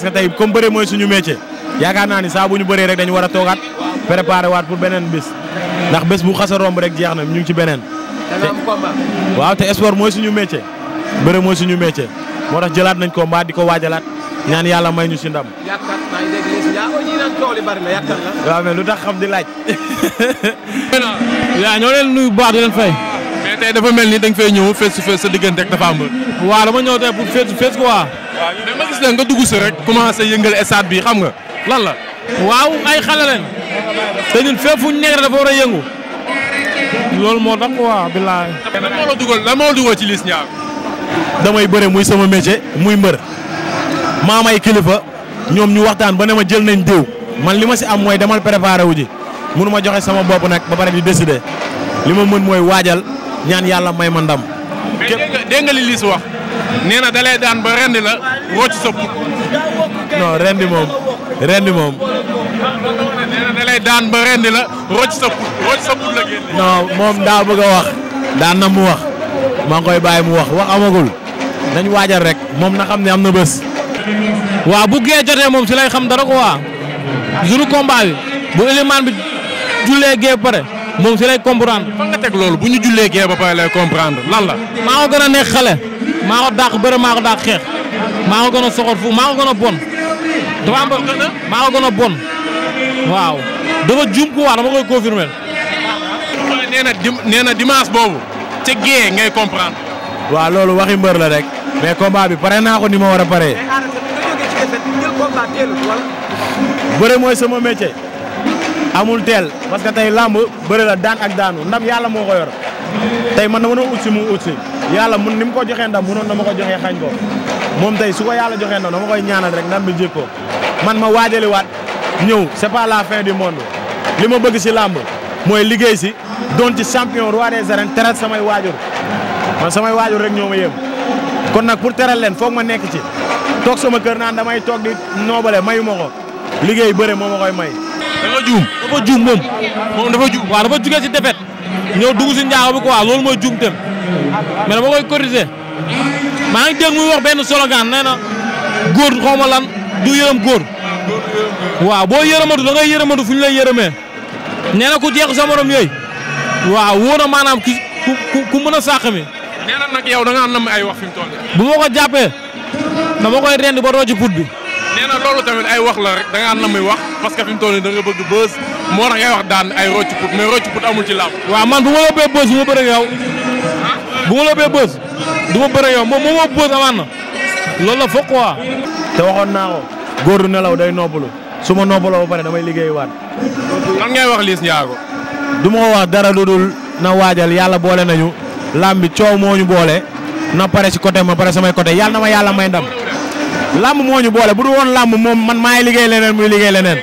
parce que tey comme bëre mooy suñu métier yaakaar naa ni saa bu ñu bëree rek dañu war a toogaat préparer waat pour beneen bis ndax bés bu xas a romb rek jeex na ñu ci beneen. waaw te sport mooy suñu métier bëre mooy suñu métier moo tax jëlaat nañ combat di ko waajalaat ñaan yàlla may ñu si ndam. waaw lu tax xam di laaj. yaa ñoo leen nuyu baax di leen fay. tey dafa mel ni da nga fay ñëw face to face sa diggante ak Tapha Mbeur. waaw dama tey pour face to face quoi. waaw ñu nga dugg si rek commencé yëngal stade bi xam nga lan la. waaw ay xale lañ te ñun fépp fu ñu nekk dafa war a yëngu. loolu moo tax waaw bilaay. lan moo ci Liss Ndiago. damay bëre muy sama métier muy mbër maam ay kilifa ñoom ñu waxtaan ba ne ma jël nañ diw man li ma si am mooy demal préparé wu ji mënu ma joxe sama bopp nag ba pare di décider li ma mën mooy waajal ñaan yàlla may ma ndam. képp dégg nga li Liss wax. nee na da daan ba rendi la woo ci sa put. non rendi moom rendi moom. nee na daan ba rendi la woo ci sa put woo sa put la génne. moom daa bëgg wax. daan na mu wax. maa ngi koy bàyyi mu wax wax amagul. nañ waajal rek moom na xam ne am na bés. waaw bu gee moom si lay xam dara ko waa jour combat bi bu élément bi jullee gee ba pare moom si lay comprendre. fan nga teg loolu bu ñu jullee gee ba pare lay comprendre lan la. maa ngi xale. maa ko dàq bëre maa ko dàq xeex maa ko gën a soxor fu maa ko gën a bon. dafa am maa ko gën a bon. waaw dafa juum ku waa dama koy confirmé. nee na dim na dimanche boobu. ca gée ngay comprendre. waaw loolu waxi mbër la rek. mais combat bi pare naa ko ni ma war a paree. bëre mooy sama métier. amul teel parce que tey làmb bëre la daan ak daanu ndam yàlla moo ko yor. tey man dama doon ut si mu ut si yàlla mun ni mu ko joxee munoon na ma ko joxee xañ ko moom tey su ko yalla joxee ndam dama koy ñaanal rek ndam bi jékkoo man ma waajaliwaat ñëw c'est pas la fin du monde li ma bëgg si làmb mooy liggéey si doon ci champion roi des arènes teral samay waajur man samay waajur rek ñoo ma yëm kon nag pour teral leen foog ma nekk ci toog sama kër naan damay toog di noobale mayu ma ko liggéey bëre moo ma koy may. dafa juum juum moom moom juum waaw ñëw dugg si njaaxo bi quoi loolu mooy jumteem mais dama koy maa ngi dégg muy wax benn slogan nee na góor xaw ma lan du yërëm góor waaw boo yërëmatu da ngay yërëmatu fu ñu lay yërëmee nee na ku jeexu sa morom yooyu waaw wóor maanaam ki ku ku mën a sàq mi. nee na nag yow da nga ay wax fi mu toll bu ma ko jàppee dama koy rend ba doo ci put bi. nee loolu tamit ay wax la rek da ngaa na muy wax parce que fi mu toll nii da nga moo tax ngay wax daan ay rocc put mais rocc put amul ci làmb. waa man bu ma la bee bës du ma bëre yow bu ma la bee bës du ma bëre yow moom moo ma bës amaan na loolu la foog quoi. te waxoon naa ko góor du nelaw day noppalu su ma noppaloo ba pare damay liggéey waat lan ngay wax Liss Ndiago. du ma wax dara lu dul na waajal yàlla boole nañu làmb bi coow moo ñu boole na pare si côté ma pare samay côté yàlla na ma yàlla may ndam. làmb moo ñu boole bu du woon làmb moom man maay liggéey leneen muy liggéey leneen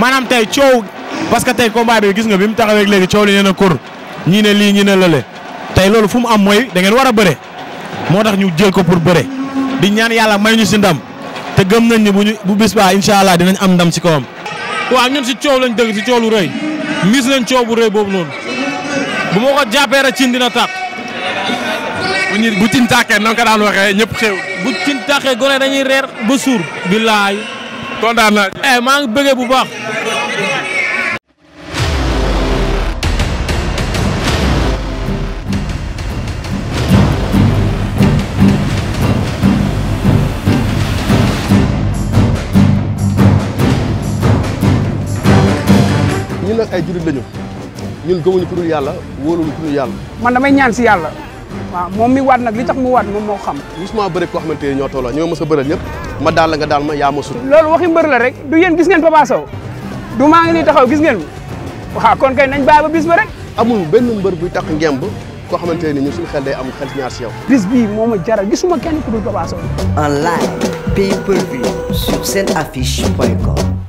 maanaam tey coow parce que tey combat bi gis nga bi mu taxawee léegi coow li nee na kur ñii ne lii ñii ne lële tey loolu fu mu am mooy da ngeen war a bëre moo tax ñu jël ko pour bëre di ñaan yàlla may ñu si ndam te gëm nañ ni bu ñu bu bis baa incha allah dinañ am ndam si kawam. waaw ñun si coow lañ dëgg si coow lu rëy mis nañ coow bu rëy boobu noonu bu ma ko jàppee rek cin dina tàq. bu ñu bu cin tàkkee nan ko daan waxee ñëpp xew. cin taxee dañuy reer ba suur. billaay. kontaan naa eh, bu baax. ñun nag ay jullit lañu ñun gëmuñu ku yàlla wóoluñu ku dul yàlla. man damay ñaan si yàlla. waaw moom mi waat nag li tax mu waat moom moo xam musuma bëri koo xamante ni ñoo tolloo ñoo mës a bëral ñëpp ma daal la nga daal ma yaa ma sut loolu waxi mbër la rek du yéen gis ngeen Papa Sow du maa ngi nii taxaw gis ngeen waaw kon kay nañ bàyyi ba bis ba rek amul benn mbër buy tax ngemb koo xamante ne ñun suñu xel day am xel ñaar si yow. bis bii moo a jaral gisuma kenn ku dul Papa Sow. en live pay per view sur seen affiche point com.